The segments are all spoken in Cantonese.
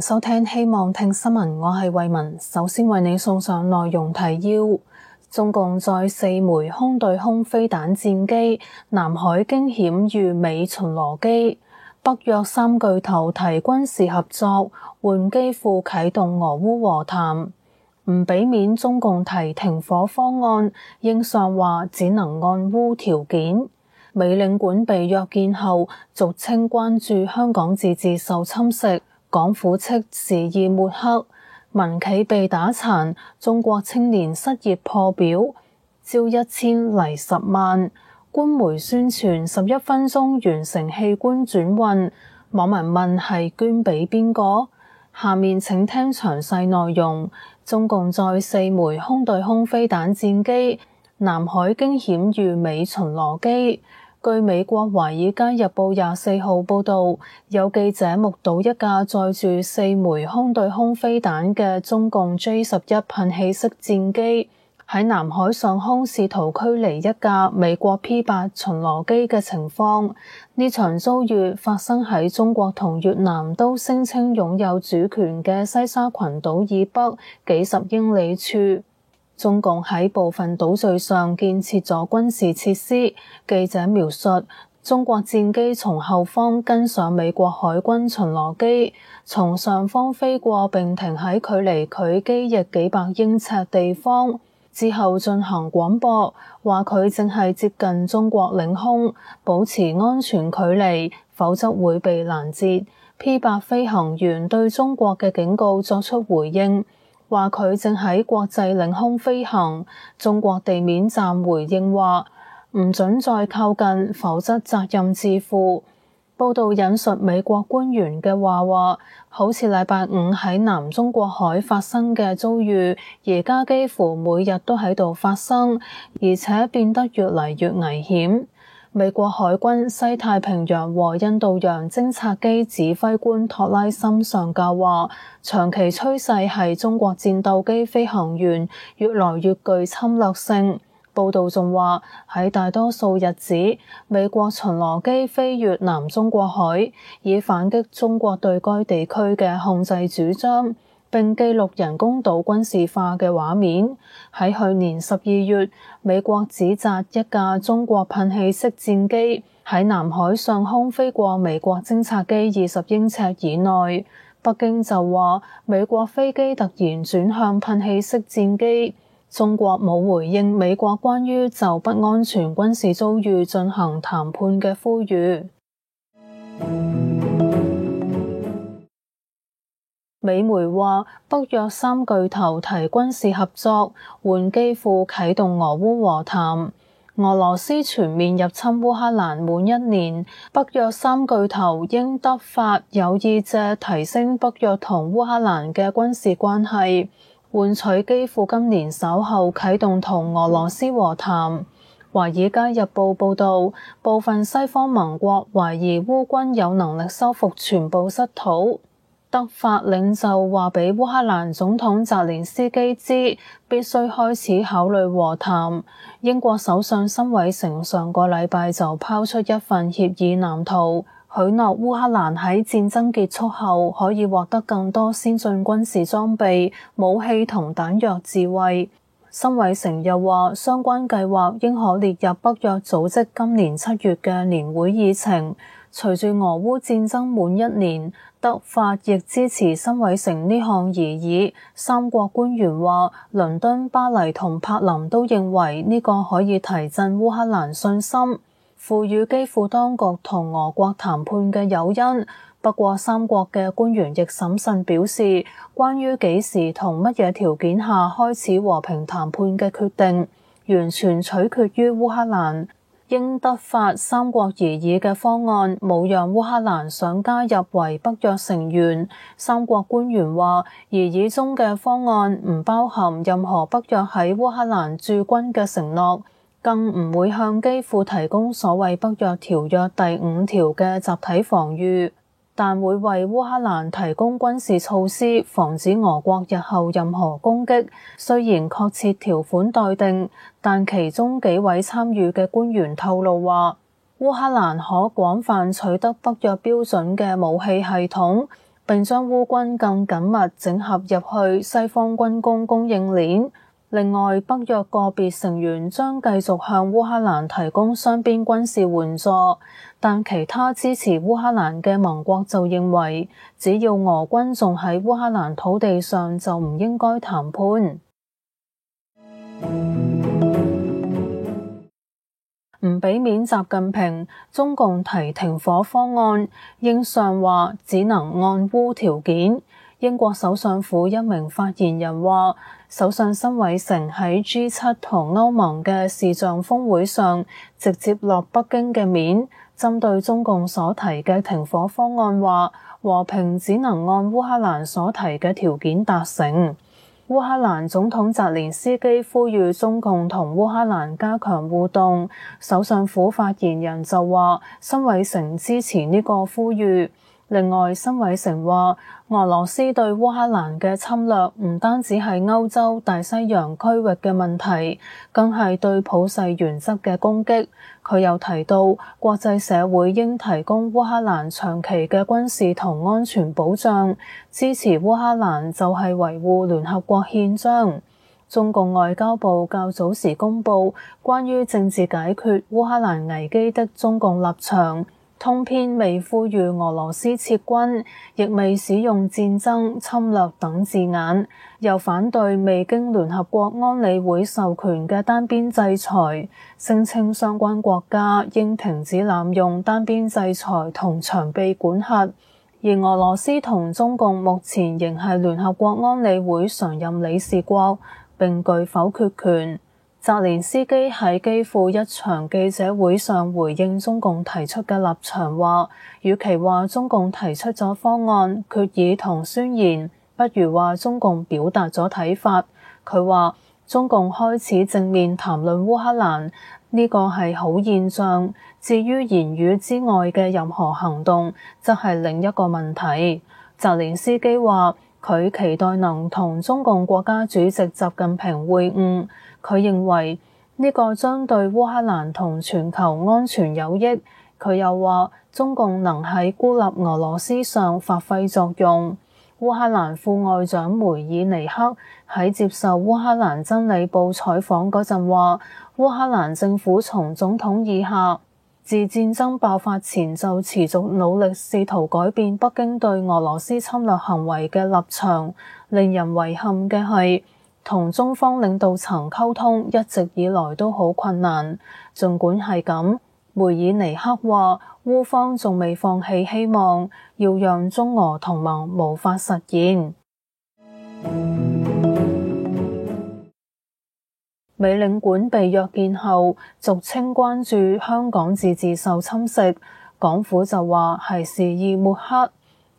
收聽，希望聽新聞。我係慧雯，首先為你送上內容提要：中共載四枚空對空飛彈戰機，南海驚險遇美巡邏機；北約三巨頭提軍事合作，換機庫啟動俄烏和談，唔俾面中共提停火方案，英相話只能按烏條件。美領館被約見後，俗稱關注香港自治受侵蝕。港府斥時意抹黑，民企被打殘，中國青年失業破表，招一千嚟十萬。官媒宣傳十一分鐘完成器官轉運，網民問係捐俾邊個？下面請聽詳細內容。中共載四枚空對空飛彈戰機，南海驚險遇美巡邏機。據美國《華爾街日報》廿四號報道，有記者目睹一架載住四枚空對空飛彈嘅中共 J 十一噴氣式戰機喺南海上空試圖驅離一架美國 P 八巡邏機嘅情況。呢場遭遇發生喺中國同越南都聲稱擁有主權嘅西沙群島以北幾十英里處。中共喺部分島嶼上建設咗軍事設施。記者描述，中國戰機從後方跟上美國海軍巡邏機，從上方飛過並停喺距離佢機翼幾百英尺地方，之後進行廣播，話佢正係接近中國領空，保持安全距離，否則會被攔截。P-8 飛行員對中國嘅警告作出回應。話佢正喺國際領空飛行，中國地面站回應話唔准再靠近，否則責任自負。報道引述美國官員嘅話話，好似禮拜五喺南中國海發生嘅遭遇，而家幾乎每日都喺度發生，而且變得越嚟越危險。美國海軍西太平洋和印度洋偵察機指揮官托拉森上校話：長期趨勢係中國戰鬥機飛行員越來越具侵略性。報道仲話喺大多數日子，美國巡邏機飛越南中國海，以反擊中國對該地區嘅控制主張。並記錄人工島軍事化嘅畫面。喺去年十二月，美國指責一架中國噴氣式戰機喺南海上空飛過美國偵察機二十英尺以內。北京就話美國飛機突然轉向噴氣式戰機，中國冇回應美國關於就不安全軍事遭遇進行談判嘅呼籲。美媒話，北約三巨頭提軍事合作，換基輔啟動俄烏和談。俄羅斯全面入侵烏克蘭滿一年，北約三巨頭英德法有意借提升北約同烏克蘭嘅軍事關係，換取基輔今年稍後啟動同俄羅斯和談。《華爾街日報》報道，部分西方盟國懷疑烏軍有能力收復全部失土。德法領袖話俾烏克蘭總統澤連斯基知，必須開始考慮和談。英國首相辛偉成上個禮拜就拋出一份協議藍圖，許諾烏克蘭喺戰爭結束後可以獲得更多先進軍事裝備、武器同彈藥自衛。辛偉成又話，相關計劃應可列入北約組織今年七月嘅年會議程。隨住俄烏戰爭滿一年，德法亦支持新委成呢項議議。三國官員話，倫敦、巴黎同柏林都認為呢個可以提振烏克蘭信心，賦予基輔當局同俄國談判嘅誘因。不過，三國嘅官員亦審慎表示，關於幾時同乜嘢條件下開始和平談判嘅決定，完全取決於烏克蘭。英德法三國擬議嘅方案冇讓烏克蘭想加入為北約成員，三國官員話，擬議中嘅方案唔包含任何北約喺烏克蘭駐軍嘅承諾，更唔會向基輔提供所謂北約條約第五條嘅集體防禦。但會為烏克蘭提供軍事措施，防止俄國日後任何攻擊。雖然確切條款待定，但其中幾位參與嘅官員透露話，烏克蘭可廣泛取得北約標準嘅武器系統，並將烏軍更緊密整合入去西方軍工供應鏈。另外，北約個別成員將繼續向烏克蘭提供雙邊軍事援助。但其他支持烏克蘭嘅盟國就認為，只要俄軍仲喺烏克蘭土地上，就唔應該談判，唔俾面習近平。中共提停火方案，英相話只能按烏條件。英國首相府一名發言人話，首相辛偉成喺 G 七同歐盟嘅視像峰會上，直接落北京嘅面。針對中共所提嘅停火方案，話和平只能按烏克蘭所提嘅條件達成。烏克蘭總統澤連斯基呼籲中共同烏克蘭加強互動，首相府發言人就話，新委成支持呢個呼籲。另外，新偉成話，俄羅斯對烏克蘭嘅侵略唔單止係歐洲大西洋區域嘅問題，更係對普世原則嘅攻擊。佢又提到，國際社會應提供烏克蘭長期嘅軍事同安全保障，支持烏克蘭就係維護聯合國憲章。中共外交部較早時公布關於政治解決烏克蘭危機的中共立場。通篇未呼籲俄羅斯撤軍，亦未使用戰爭、侵略等字眼，又反對未經聯合國安理會授權嘅單邊制裁，聲稱相關國家應停止濫用單邊制裁同長臂管轄。而俄羅斯同中共目前仍係聯合國安理會常任理事國，並具否決權。澤連斯基喺基輔一場記者會上回應中共提出嘅立場，話與其話中共提出咗方案，決議同宣言，不如話中共表達咗睇法。佢話中共開始正面談論烏克蘭呢個係好現象，至於言語之外嘅任何行動，則係另一個問題。澤連斯基話。佢期待能同中共國家主席習近平會晤。佢認為，呢個將對烏克蘭同全球安全有益。佢又話，中共能喺孤立俄羅斯上發揮作用。烏克蘭副外長梅爾尼克喺接受烏克蘭真理報採訪嗰陣話，烏克蘭政府從總統以下，自戰爭爆發前就持續努力試圖改變北京對俄羅斯侵略行為嘅立場，令人遺憾嘅係，同中方領導層溝通一直以來都好困難。儘管係咁，梅爾尼克話，烏方仲未放棄希望，要讓中俄同盟無法實現。美領館被約見後，俗稱關注香港自治受侵蝕，港府就話係肆意抹黑。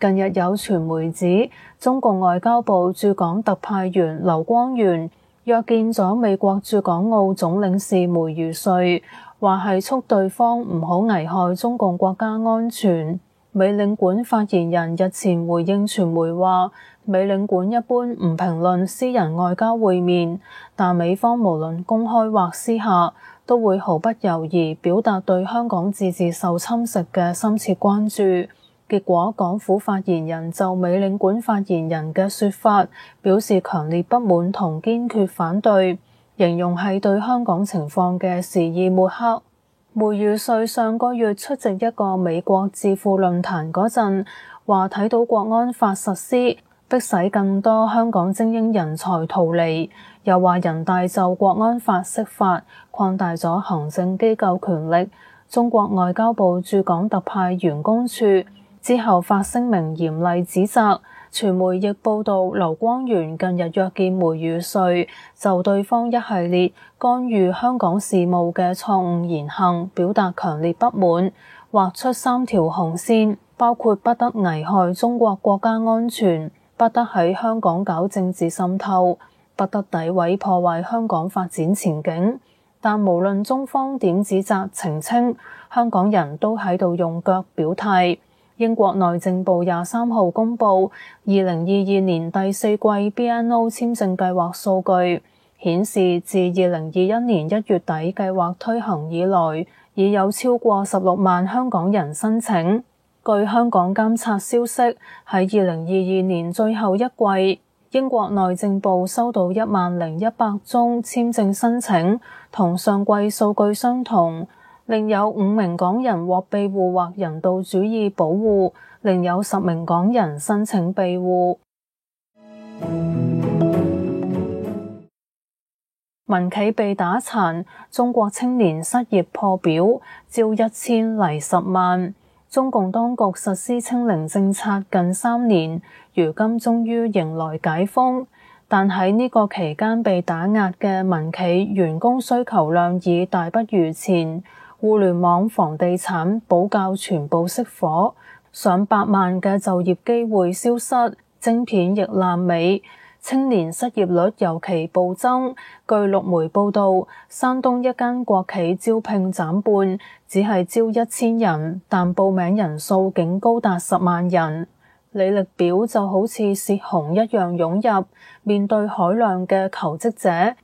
近日有傳媒指，中共外交部駐港特派員劉光源約見咗美國駐港澳總領事梅如瑞，話係促對方唔好危害中共國家安全。美領館發言人日前回應傳媒話：美領館一般唔評論私人外交會面，但美方無論公開或私下，都會毫不猶豫表達對香港自治受侵蝕嘅深切關注。結果，港府發言人就美領館發言人嘅說法表示強烈不滿同堅決反對，形容係對香港情況嘅肆意抹黑。梅宇瑞上個月出席一個美國智庫論壇嗰陣，話睇到國安法實施，逼使更多香港精英人才逃離，又話人大就國安法釋法，擴大咗行政機構權力。中國外交部駐港特派員公署之後發聲明嚴厲指責。傳媒亦報道，劉光源近日約見梅宇穗，就對方一系列干預香港事務嘅錯誤言行表達強烈不滿，劃出三條紅線，包括不得危害中國國家安全，不得喺香港搞政治滲透，不得詆毀破壞香港發展前景。但無論中方點指責澄清，香港人都喺度用腳表態。英國內政部廿三號公布二零二二年第四季 BNO 簽證計劃數據，顯示自二零二一年一月底計劃推行以來，已有超過十六萬香港人申請。據香港監察消息，喺二零二二年最後一季，英國內政部收到一萬零一百宗簽證申請，同上季數據相同。另有五名港人獲庇護或人道主義保護，另有十名港人申請庇護。民企被打殘，中國青年失業破表，招一千嚟十萬。中共當局實施清零政策近三年，如今終於迎來解封，但喺呢個期間被打壓嘅民企員工需求量已大不如前。互聯網、房地產、補教全部熄火，上百萬嘅就業機會消失，晶片亦爛尾，青年失業率尤其暴增。據陸媒報道，山東一間國企招聘斬半，只係招一千人，但報名人數竟高達十萬人，履歷表就好似泄洪一樣湧入，面對海量嘅求職者。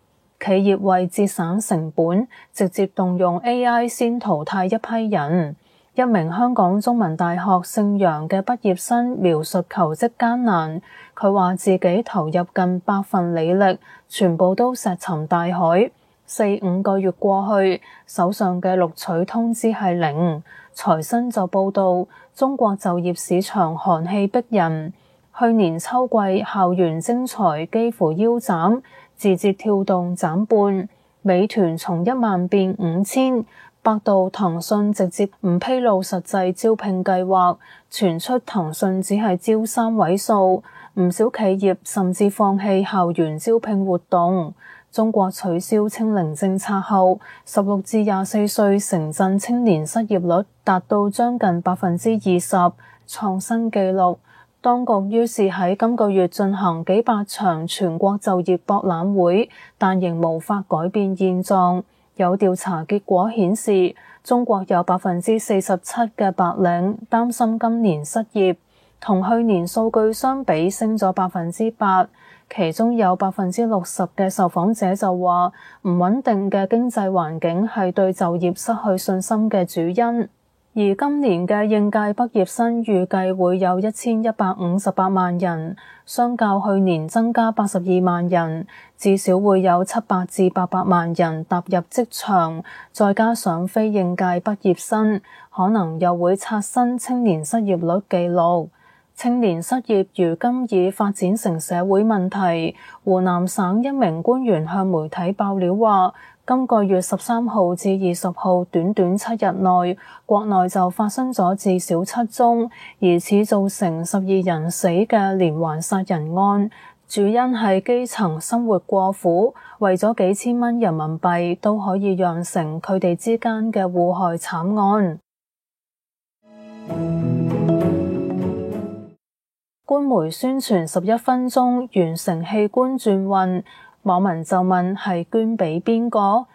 企業為節省成本，直接動用 AI 先淘汰一批人。一名香港中文大學姓楊嘅畢業生描述求職艱難，佢話自己投入近百份履歷，全部都石沉大海。四五個月過去，手上嘅錄取通知係零。財新就報道中國就業市場寒氣逼人，去年秋季校園徵才幾乎腰斬。字節跳動斬半，美團從一萬變五千，百度、騰訊直接唔披露實際招聘計劃，傳出騰訊只係招三位數，唔少企業甚至放棄校園招聘活動。中國取消清零政策後，十六至廿四歲城鎮青年失業率達到將近百分之二十，創新紀錄。當局於是喺今個月進行幾百場全國就業博覽會，但仍無法改變現狀。有調查結果顯示，中國有百分之四十七嘅白領擔心今年失業，同去年數據相比升咗百分之八。其中有百分之六十嘅受訪者就話，唔穩定嘅經濟環境係對就業失去信心嘅主因。而今年嘅應屆畢業生預計會有一千一百五十八萬人，相較去年增加八十二萬人，至少會有七百至八百萬人踏入職場，再加上非應屆畢業生，可能又會刷新青年失業率記錄。青年失業如今已發展成社會問題。湖南省一名官員向媒體爆料話。今個月十三號至二十號短短七日內，國內就發生咗至少七宗，疑似造成十二人死嘅連環殺人案，主因係基層生活過苦，為咗幾千蚊人民幣都可以釀成佢哋之間嘅互害慘案。 官媒宣傳十一分鐘完成器官轉運。網民就問，係捐俾邊個？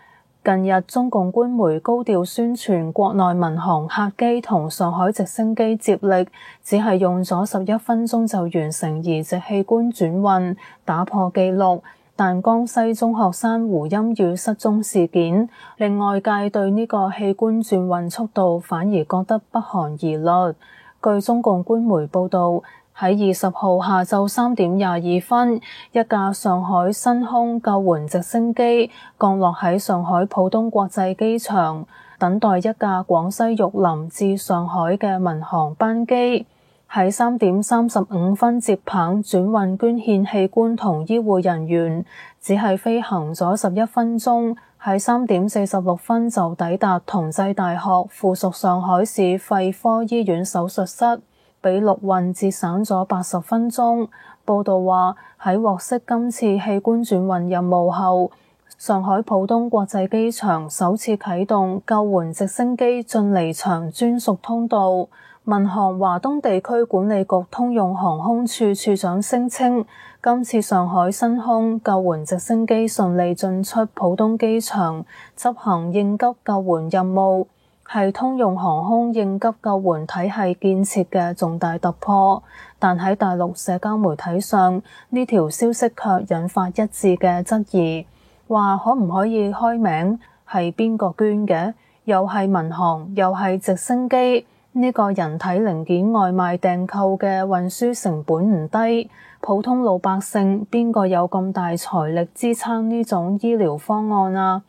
近日中共官媒高調宣傳國內民航客機同上海直升機接力，只係用咗十一分鐘就完成移植器官轉運，打破紀錄。但江西中學生胡鑫宇失蹤事件，令外界對呢個器官轉運速度反而覺得不寒而慄。據中共官媒報道。喺二十號下晝三點廿二分，一架上海新空救援直升機降落喺上海浦東國際機場，等待一架廣西玉林至上海嘅民航班機。喺三點三十五分接棒轉運捐獻器官同醫護人員，只係飛行咗十一分鐘，喺三點四十六分就抵達同濟大學附屬上海市肺科醫院手術室。比陸運節省咗八十分鐘。報道話，喺獲悉今次器官轉運任務後，上海浦東國際機場首次啟動救援直升機進離場專屬通道。民航華東地區管理局通用航空處處長聲稱，今次上海新空救援直升機順利進出浦東機場執行應急救援任務。係通用航空應急救援體系建設嘅重大突破，但喺大陸社交媒體上，呢條消息卻引發一致嘅質疑，話可唔可以開名係邊個捐嘅？又係民航，又係直升機？呢個人體零件外賣訂購嘅運輸成本唔低，普通老百姓邊個有咁大財力支撐呢種醫療方案啊？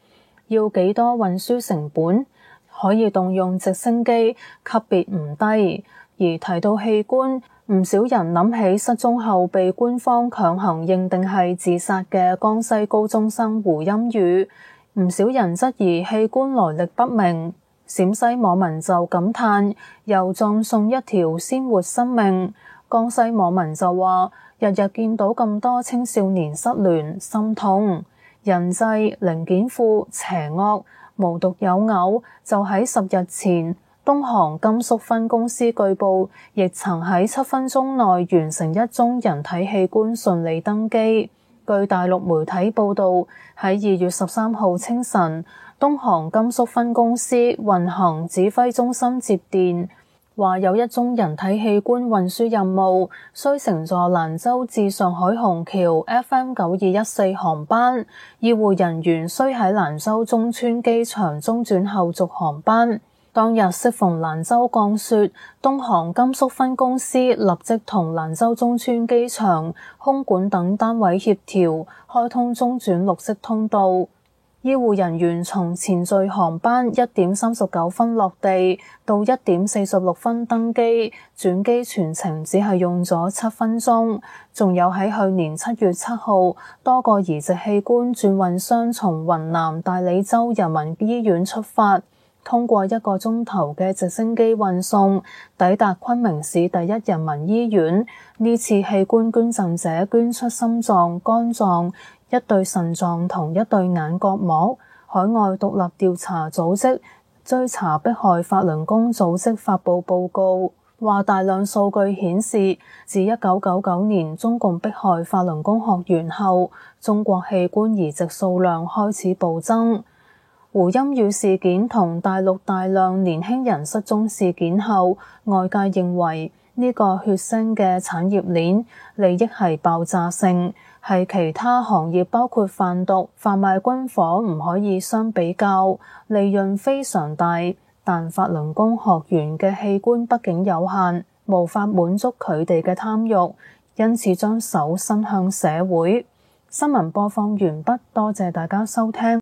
要幾多運輸成本？可以動用直升機，級別唔低。而提到器官，唔少人諗起失蹤後被官方強行認定係自殺嘅江西高中生胡鑫宇。唔少人質疑器官來歷不明。陝西網民就感嘆又葬送一條鮮活生命。江西網民就話：日日見到咁多青少年失聯，心痛。人際零件庫邪惡。無獨有偶，就喺十日前，東航甘肅分公司據報亦曾喺七分鐘內完成一宗人體器官順利登機。據大陸媒體報道，喺二月十三號清晨，東航甘肅分公司運行指揮中心接電。話有一宗人體器官運輸任務，需乘坐蘭州至上海虹橋 FM 九二一四航班，醫護人員需喺蘭州中川機場中轉後續航班。當日適逢蘭州降雪，東航甘肅分公司立即同蘭州中川機場空管等單位協調，開通中轉綠色通道。醫護人員從前序航班一點三十九分落地，到一點四十六分登機轉機，全程只係用咗七分鐘。仲有喺去年七月七號，多個移植器官轉運箱從雲南大理州人民醫院出發，通過一個鐘頭嘅直升機運送，抵達昆明市第一人民醫院。呢次器官捐贈者捐出心臟、肝臟。一對腎臟同一對眼角膜，海外獨立調查組織追查迫害法輪功組織，發布報告話：大量數據顯示，自一九九九年中共迫害法輪功學員後，中國器官移植數量開始暴增。胡鑫宇事件同大陸大量年輕人失蹤事件後，外界認為呢個血腥嘅產業鏈利益係爆炸性。係其他行業，包括販毒、販賣軍火，唔可以相比較，利潤非常大。但法輪功學員嘅器官畢竟有限，無法滿足佢哋嘅貪欲，因此將手伸向社會。新聞播放完畢，多謝大家收聽。